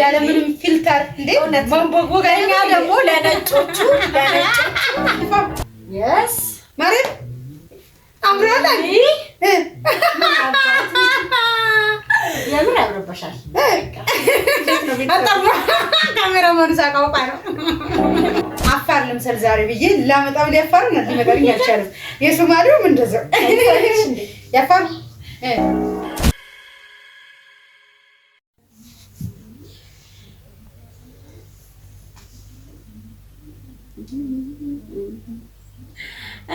ያለምንም ፊልተር እንዴ መንቦጎገኛ ደግሞ ለነጮቹ ማርያም አምራላ የምን ያምርበሻል። ካሜራማኑ ሳቃውቃ ነው። አፋር ልምሰል ዛሬ ብዬ ላመጣም ሊያፋር ና ሊመጣልኝ አልቻለም። የሶማሌውም እንደዚያው ያፋር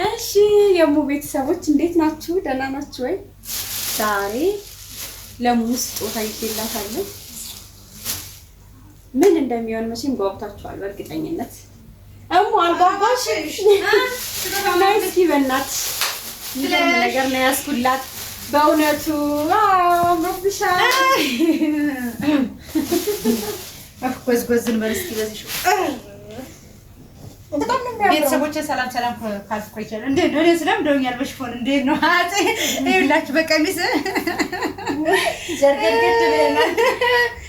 እሺ የሙ ቤተሰቦች እንዴት ናችሁ? ደህና ናችሁ ወይ? ዛሬ ለሙ ስጦታ ይዤላታለሁ። ምን እንደሚሆን መቼም ጓጉታችኋል በእርግጠኝነት። እሙ አልጓጓሽ? ናይ እስኪ በእናትሽ እንደምን ነገር ነው ያዝኩላት። በእውነቱ አምሮብሻል። አፍ ጎዝጎዝን በል እስኪ በዚህ ቤተሰቦችን ሰላም ሰላም ካልኩ ይችላል። እንዴት ነው ስለም እንደውኛል። በሽፎን እንዴት ነው አጼ ይላችሁ በቀሚስ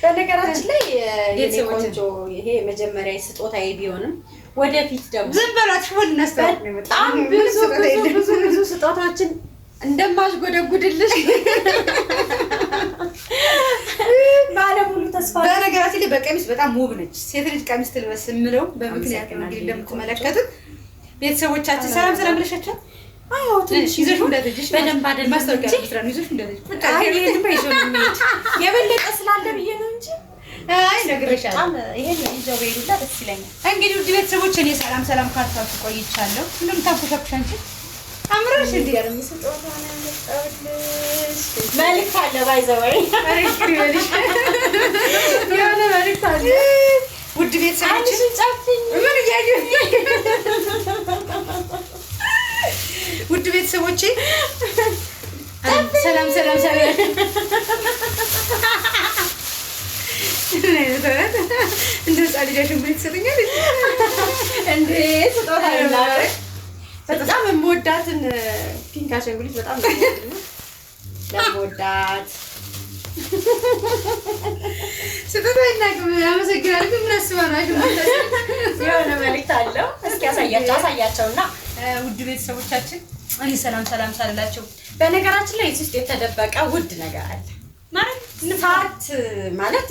በነገራችን ላይ ቤተሰቦች ይሄ መጀመሪያ ስጦታ ቢሆንም ወደፊት ደግሞ ዝም በላችሁ በጣም ብዙ ብዙ ብዙ ስጦታዎችን እንደማሽ ጎደጉድልሽ በነገራችን ላይ በቀሚስ በጣም ውብ ነች ሴት ልጅ ቀሚስ ትልበስ የምለው በምክንያት ነው። እንግዲህ እንደምትመለከቱት ቤተሰቦቻችን ሰላም ሰላም ብለሻቸው የበለጠ ስላለ ብዬ ነው እንጂ እንግዲህ ውድ ቤተሰቦች እኔ ሰላም ሰላም ካልታችሁ ቆይቻለሁ። እንደምታንኮሻኩሻ እንጂ አምሮሽ እንዴ መልክ አለ ውድ ቤተሰቦች ቤተሰቦቼ ሰላም ሰላም ሰላም እንደ ህፃን ልጃሽን ብሎ የተሰጠኛል እንዴ ስጦታ በጣም የምወዳትን ፒንክ አሻንጉሊት በጣም ለምወዳት የሆነ መልዕክት አለው። እስኪ አሳያቸው አሳያቸው እና ውድ ቤተሰቦቻችን እኔ ሰላም ሰላም ሳልላቸው፣ በነገራችን ላይ እዚህ ውስጥ የተደበቀ ውድ ነገር አለ። ንፋት ማለት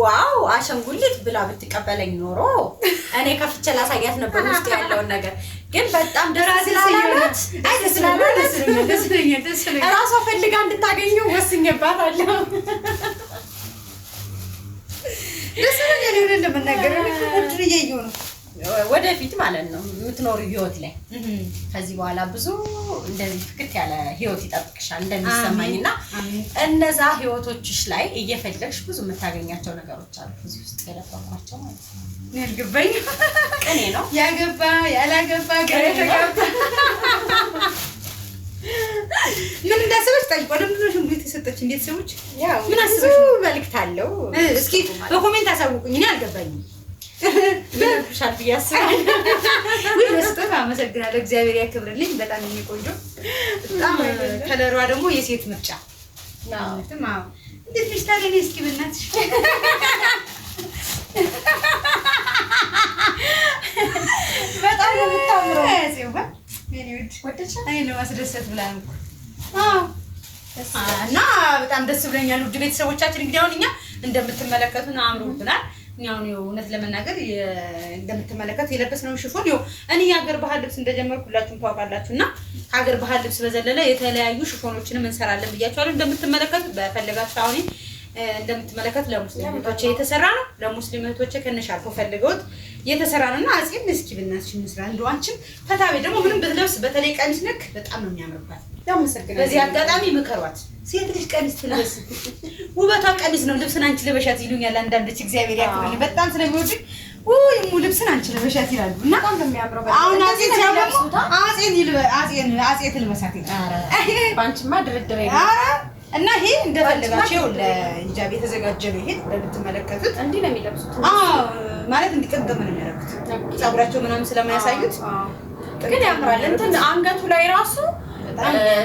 ዋው አሸንጉሊት ብላ ብትቀበለኝ ኖሮ እኔ ከፍቼ ላሳያት ነበር ውስጥ ያለውን ነገር። ግን በጣም ደስ ስላላት እራሷ ፈልጋ እንድታገኘው ወስኜባታለሁ። ደስ ብሎኛል። የሆነ ለመናገር ድርዬ ነው ወደፊት ማለት ነው የምትኖሪ ህይወት ላይ ከዚህ በኋላ ብዙ እንደዚህ ፍክት ያለ ህይወት ይጠብቅሻል እንደሚሰማኝ እና እነዛ ህይወቶችሽ ላይ እየፈለግሽ ብዙ የምታገኛቸው ነገሮች አሉ። እዚህ ውስጥ የለባኳቸው ማለት ነው። ያልገባኝ ቅኔ ነው። ያገባ ያላገባ ቅኔ ምን እንዳሰበች ጠይቋ። ለምንድነው ሽንኩርት የሰጠች? እንዴት ሰዎች ምን አስበሽ? መልክት አለው። እስኪ በኮሜንት አሳውቁኝ። እኔ አልገባኝም። ሻል ያስስጥፍ አመሰግናለሁ። እግዚአብሔር ያክብርልኝ። በጣም የሚቆንጆ በጣም ከለሯ ደግሞ የሴት ምርጫ እንዴት ነሽ እስኪ ብላ እና በጣም ደስ ብለኛል። ውድ ቤተሰቦቻችን እንግዲህ አሁን እኛ እንደምትመለከቱን አምሮብናል። ያው እውነት ለመናገር እንደምትመለከት የለበስነውን ሽፎን እኔ የሀገር ባህል ልብስ እንደጀመርኩ ታውቃላችሁ። እና ከሀገር ባህል ልብስ በዘለለ የተለያዩ ሽፎኖችንም እንሰራለን ብያችኋለሁ። እንደምትመለከት በፈለጋችሁ አሁን እንደምትመለከት ለሙስሊም የተሰራ ነው። ለሙስሊም ፈልገውት የተሰራ ነው እና አጼም እስኪ እንስራ እንደው አንቺም ፈታቤ ደግሞ ምንም ብትለብስ በተለይ ቀሚስ ነክ በጣም ነው የሚያምርባት በዚህ አጋጣሚ ምከሯት። ሴት ልጅ ቀሚስ ትልበስ፣ ውበቷ ቀሚስ ነው። ልብስን አንቺ ልበሻት ይሉኛል አንዳንዶች። እግዚአብሔር ያክብርልኝ በጣም ስለሚወድ ውይ እሙ ልብስን አንቺ ልበሻት ይላሉ። እና አሁን አጼ ትልበሳት ባንቺማ ድርድር እና ይሄ እንደፈለጋቸው ለሂጃብ የተዘጋጀ ነው። ይሄ እንደምትመለከቱት እንዲህ ነው የሚለብሱት። ማለት እንዲቀደም ነው የሚያደርጉት። ጸጉራቸው ምናምን ስለማያሳዩት ግን ያምራል። እንትን አንገቱ ላይ ራሱ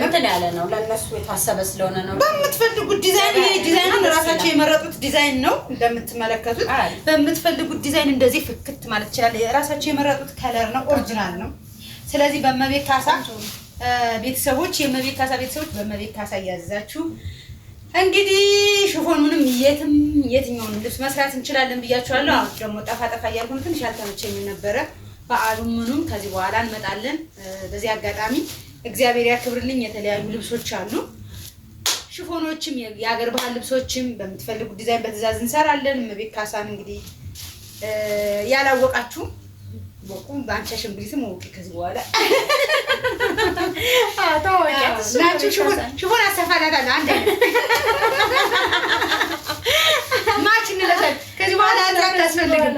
እንትን ያለ ነው። ለእነሱ የታሰበ ስለሆነ ነው። በምትፈልጉት ዲዛይን ዲዛይኑን ራሳቸው የመረጡት ዲዛይን ነው እንደምትመለከቱት። በምትፈልጉት ዲዛይን እንደዚህ ፍክት ማለት ይችላል። ራሳቸው የመረጡት ከለር ነው፣ ኦሪጂናል ነው። ስለዚህ በእመቤት ካሳ ቤተሰቦች የእመቤት ካሳ ቤተሰቦች በእመቤት ካሳ እያዘዛችሁ እንግዲህ ሽፎኑንም የትም የትኛውን ልብስ መስራት እንችላለን ብያችኋለሁ። አሁን ደግሞ ጠፋ ጠፋ እያልኩ ትንሽ ያልተመቸኝ ነበረ። በዓሉ ምኑም ከዚህ በኋላ እንመጣለን። በዚህ አጋጣሚ እግዚአብሔር ያክብርልኝ። የተለያዩ ልብሶች አሉ፣ ሽፎኖችም፣ የአገር ባህል ልብሶችም በምትፈልጉ ዲዛይን በትእዛዝ እንሰራለን። እመቤት ካሳን እንግዲህ ያላወቃችሁ ቦቁ በአንቺ አሸንግሊ ስም ወቂ ከዚህ በኋላ ሽፎን አሰፋላታለሁ አንድ ማች እንለታል ከዚህ በኋላ አስፈልግም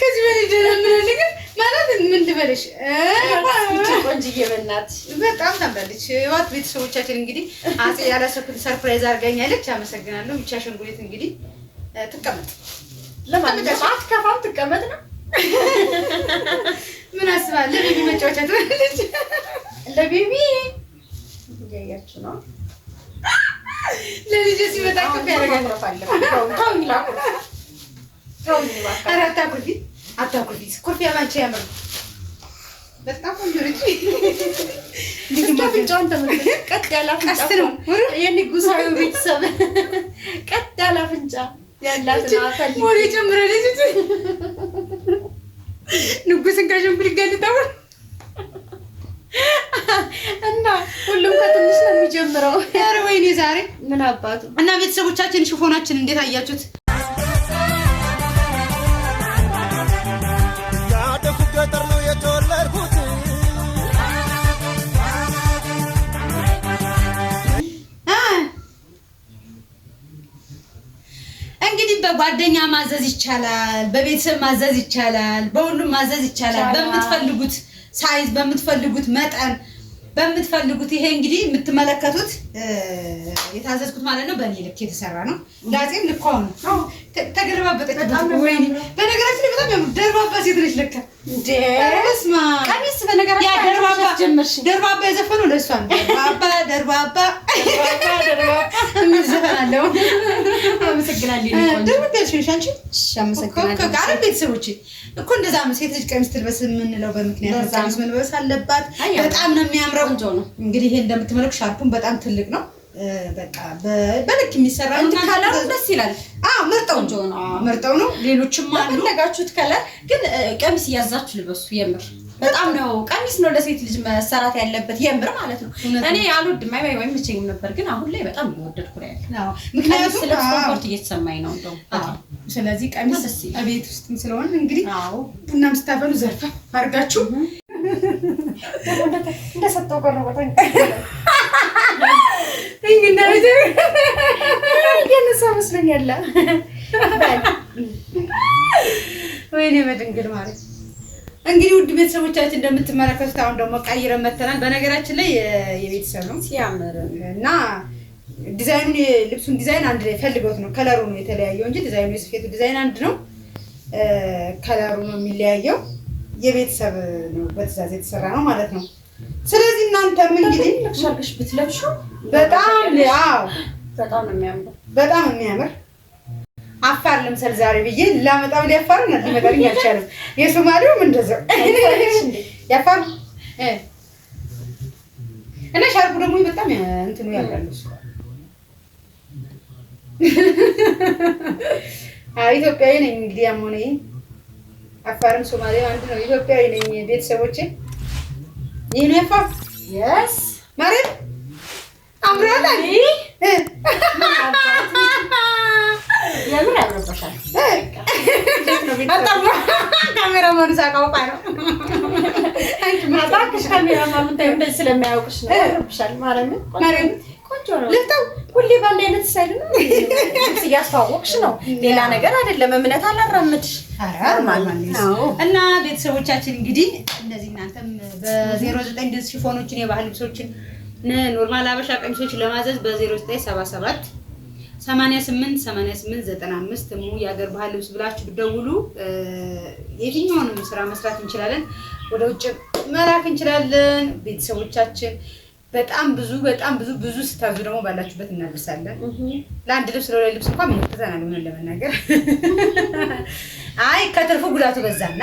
ከዚህ በላይ ደህና ነገር ማለት ምን ልበለሽ? ቆንጅዬ በእናትሽ በጣም ታምራለች። ዋት ቤተሰቦቻችን እንግዲህ አጼ ያላሰብኩት ሰርፕራይዝ አድርጋኛለች። አመሰግናለሁ። ብቻ ሸንጉሌት እንግዲህ ትቀመጥ ለማለት አትከፋም፣ ትቀመጥ ነው ምን አስባለ ለቤቢ መጫወቻ ትላለች። ለቤቢ እያያችሁ ነው። ለልጅ ሲመጣ ያረጋግረፋለ ታውኝላ አራታ አኩልፊት አታኩርፊ። ኩርፊያ ባንቺ ያምር በጣም ቆንጆ ነች። አፍንጫውን ተመልከት። ቀጥ ያለ አፍንጫ የንጉሱ ቤተሰብ ቀጥ ያለ አፍንጫ ያላት ወሬ ጨምራለች። ንጉስን ከሽንኩር ይገልጣል እና ሁሉም ከትንሽ ነው የሚጀምረው። ወይኔ ዛሬ ምን አባቱ እና ቤተሰቦቻችን ሽፎናችን እንዴት አያችሁት? እንግዲህ በጓደኛ ማዘዝ ይቻላል፣ በቤተሰብ ማዘዝ ይቻላል፣ በሁሉም ማዘዝ ይቻላል። በምትፈልጉት ሳይዝ፣ በምትፈልጉት መጠን፣ በምትፈልጉት ይሄ እንግዲህ የምትመለከቱት የታዘዝኩት ማለት ነው። በእኔ ልክ የተሰራ ነው። ላጼም ልኳ ነው። ተገለባበጠች። በነገራችን ላይ በጣም ደርባባ ሴት ነች። ልክ ቀሚስ ደርባባ የዘፈነው ለእሷ ነው። ደርባባ ደርባባ የሚል ዘፈን ቤተሰቦች እኮ እንደዛ ሴት ልጅ ቀሚስ ትልበስ የምንለው በምክንያት ቀሚስ መልበስ አለባት። በጣም ነው የሚያምረው። እንግዲህ ይሄ ሻርፑን በጣም ትልቅ ነው። በቃ በልክ የሚሰራ ከለሩ ደስ ይላል። ምርጠው ነው ምርጠው ነው። ሌሎችም አሉ። ፈለጋችሁት ከለር ግን ቀሚስ እያዛችሁ ልበሱ የምር በጣም ነው ቀሚስ ነው ለሴት ልጅ መሰራት ያለበት፣ የምር ማለት ነው። እኔ አልወድም አይ ወይም መቼም ነበር፣ ግን አሁን ላይ በጣም እየወደድኩ ነው ያለው። ምክንያቱም ኮምፎርት እየተሰማኝ ነው እንደው። ስለዚህ ቀሚስ ቤት ውስጥ ስለሆነ እንግዲህ ቡናም ስታፈሉ ዘርፋ አድርጋችሁ እንደሰጠው እንግዲህ ቆረበታ እየነሳ ያለ ወይኔ በድንግል ማለት እንግዲህ ውድ ቤተሰቦቻችን እንደምትመለከቱት አሁን ደግሞ ቀይረን መተናል። በነገራችን ላይ የቤተሰብ ነው ሲያምር እና ዲዛይኑ ልብሱን ዲዛይን አንድ ላይ ፈልገውት ነው። ከለሩ ነው የተለያየው እንጂ ዲዛይኑ የስፌቱ ዲዛይን አንድ ነው። ከለሩ ነው የሚለያየው። የቤተሰብ ነው በትዕዛዝ የተሰራ ነው ማለት ነው። ስለዚህ እናንተም እንግዲህ ብትለብሹ በጣም በጣም የሚያምር አፋር ልምሰል ዛሬ ብዬ ላመጣው ሊያፋር ነው ሊመጣልኝ አልቻለም። የሶማሌውም እንደዛው ያፋር እና ሻርቁ ደግሞ በጣም እንትኑ ያውቃል። ኢትዮጵያዊ ነኝ እንግዲህ ያሞነ አፋርም ሶማሌ አንድ ነው። ኢትዮጵያዊ ነኝ ቤተሰቦቼ። ይህ ነው ያፋር ስ አምራላ የምር ያምርበሻል። ካሜራማኑ ሳውቃ ነው። እባክሽ ነው። ያምርብሻል እያስተዋወቅሽ ነው። ሌላ ነገር አይደለም። እምነት አላራምድሽ እና ቤተሰቦቻችን እንግዲህ እነዚህ እናንተም በዜሮ ዘጠኝ ድረስ ሽፎኖችን የባህል ልብሶችን ኖርማል አበሻ ቀሚሶችን ለማዘዝ በዜሮ ዘጠኝ ሰባ ሰባት 88 88 95 የሀገር ባህል ልብስ ብላችሁ ብደውሉ የትኛውንም ስራ መስራት እንችላለን። ወደ ውጭ መላክ እንችላለን። ቤተሰቦቻችን በጣም ብዙ በጣም ብዙ ብዙ ስታዙ ደግሞ ባላችሁበት እናደርሳለን። ለአንድ ልብስ ለሁለት ልብስ እንኳን ምንቅዘናል ሆነ ለመናገር አይ ከትርፉ ጉዳቱ በዛና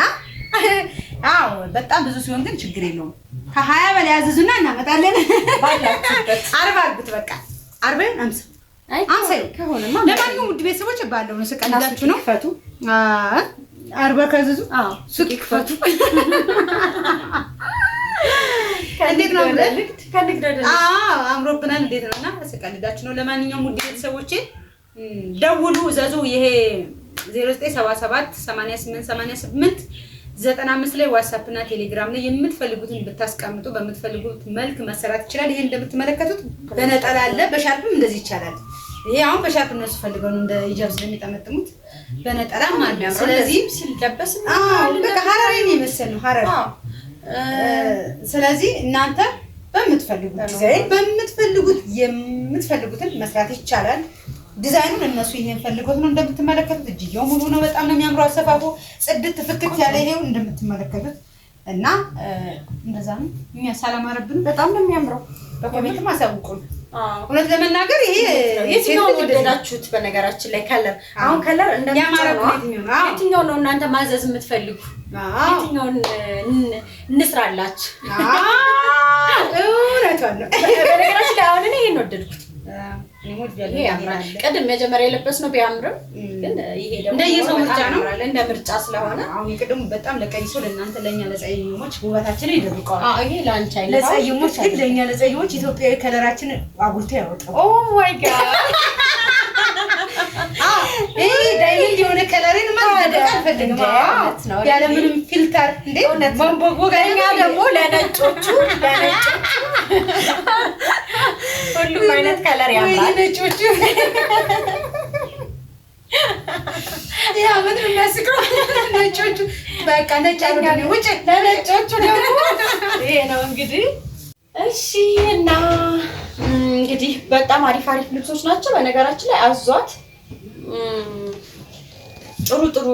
አዎ በጣም ብዙ ሲሆን ግን ችግር የለውም። ከሀያ በላይ ያዘዙና እናመጣለን። አርባ አርጉት በቃ አርበን አምሳ ለማንኛውም ውድ ቤተሰቦች ባለው ነው ስቀላችሁ ነው። አርባ ከዝዙ ሱቅ ይክፈቱ። እንዴት ነው አምሮብናል። እንዴት ነው እና ስቀልዳችሁ ነው። ለማንኛውም ውድ ቤተሰቦቼ ደውሉ፣ እዘዙ። ይሄ 09778888 ዘጠና አምስት ላይ ዋትሳፕ እና ቴሌግራም ላይ የምትፈልጉትን ብታስቀምጡ በምትፈልጉት መልክ መሰራት ይችላል። ይሄ እንደምትመለከቱት በነጠላ አለ፣ በሻርፕም እንደዚህ ይቻላል። ይሄ አሁን በሻርፕ እነሱ ፈልገው እንደ ሂጃብ ስለሚጠመጥሙት በነጠላም አለ። ስለዚህ ሲለበስ በቃ የመሰለው ስለዚህ እናንተ በምትፈልጉት ዲዛይን በምትፈልጉት የምትፈልጉትን መስራት ይቻላል። ዲዛይኑን እነሱ ይሄን ፈልጎት ነው እንደምትመለከቱት። እጅየው ሙሉ ነው። በጣም ነው የሚያምረው። አሰፋፉ ጽድት ያለ ይሄው እንደምትመለከቱት እና እንደዛ ነው። እኛ በጣም ነው የሚያምረው። በኮሜንትም አሳውቁን። እውነት ለመናገር ይሄ ወደዳችሁት? በነገራችን ላይ ከለር አሁን ከለር እንደየትኛው ነው እናንተ ማዘዝ የምትፈልጉ የትኛውን እንስራላችሁ? እውነቷን ነው። በነገራችን ላይ አሁን እኔ ይሄን ወደድኩት። ቅድም መጀመሪያ የለበስነው ቢያምርም ግን ይሄ ምርጫ ነው፣ እንደ ምርጫ ስለሆነ አሁን የቅድሙ በጣም ለቀይሶ ለእናንተ ለእኛ ለፀይሞች ውበታችንን ይደብቀዋል። ይሄ ለአንቺ ለፀይሞች ግን ለእኛ ለፀይሞች ኢትዮጵያዊ ከለራችን አጉልቶ ያወጣው። ይሄ ዳይመንድ የሆነ ከለርን ያለምንም ፊልተር እንዴ መንቦጎ ጋኛ ደግሞ ለነጮቹ ለነጮቹ ሁሉም አይነት ከለር ያምራል። ነጮቹ ያመት የሚያስቀው ነጮቹ በቃ ነጭ ውጭ ለነጮቹ ደግሞ ይሄ ነው እንግዲህ። እሺ እና እንግዲህ በጣም አሪፍ አሪፍ ልብሶች ናቸው። በነገራችን ላይ አዟት ጥሩ ጥሩ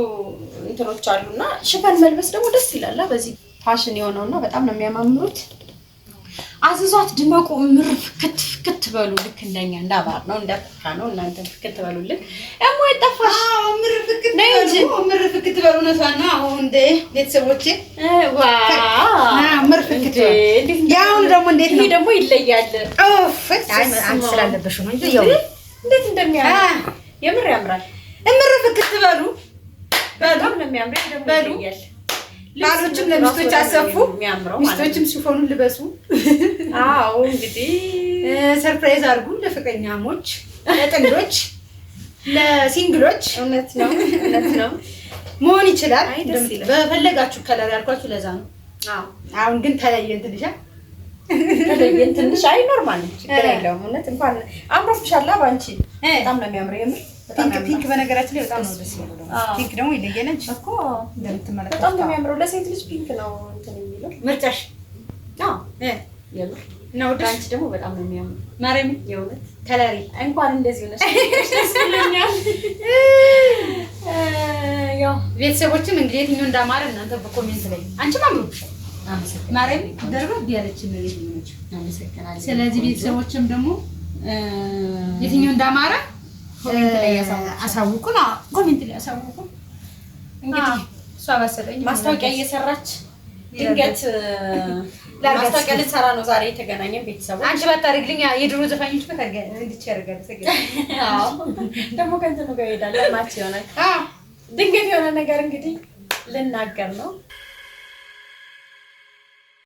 እንትኖች አሉና ሽፈን መልበስ ደግሞ ደስ ይላል። በዚህ ፋሽን የሆነውና በጣም ነው የሚያማምሩት። አዝዟት ድመቁ ምር ፍክት ፍክት በሉ። ልክ እንደኛ እንዳባር ነው እንዳፍካ ነው። እናንተ ፍክት በሉልን። እሞ የጠፋሽ ፍክት በሉ፣ ምር ፍክት በሉ። እውነቷን ነው። ቤተሰቦቼ ምር ፍክት ደግሞ እንዴት ነው ደግሞ ይለያል። ስላለበሽ ነው እንጂ እንዴት እንደሚያምር የምር ያምራል። ምር ፍክት በሉ በሉ ነው የሚያምር ይለያል ባሎችም ለሚስቶች አሰፉ፣ ሚስቶችም ሲፎኑን ልበሱ። አዎ እንግዲህ ሰርፕራይዝ አድርጉ ለፍቅረኛሞች፣ ለጥንዶች፣ ለሲንግሎች። እውነት ነው እውነት ነው መሆን ይችላል። በፈለጋችሁ ከለር ያልኳችሁ ለዛ ነው። አሁን ግን ተለየን ትንሽ ተለየን ትንሽ። አይ ኖርማል ችግር የለውም። እውነት እንኳን አምሮብሻል በአንቺ በጣም ነው የሚያምር የምር ፒንክ በነገራችን ላይ በጣም ነው ደስ የሚለው። ፒንክ ደግሞ ነች እኮ እንደምትመለከት በጣም ነው የሚያምረው። ለሴት ልጅ ፒንክ ነው እንትን የሚለው ምርጫሽ ነው። ዳንቺ ደግሞ በጣም ነው የሚያምረው። ማርያም የእውነት ከለሪ እንኳን እንደዚህ ሆነሽ ደስ ብሎኛል። ያው ቤተሰቦችም እንግዲህ የትኛው እንዳማረ እናንተ በኮሜንት ላይ አንቺም አምሮብሻል። ማርያም ደርበብ ያለች ነው። ስለዚህ ቤተሰቦችም ደግሞ የትኛው እንዳማረ ኮሜንት ላይ እንግዲህ እሷ መሰለኝ ማስታወቂያ እየሰራች ድንገት ማስታወቂያ ልትሰራ ነው ዛሬ የተገናኘን ቤተሰቦች። አንቺ ባታደርግልኝ የድሮ ዘፋኞች ደግሞ ከእንትኑ ጋር ይሄዳል። ድንገት የሆነ ነገር እንግዲህ ልናገር ነው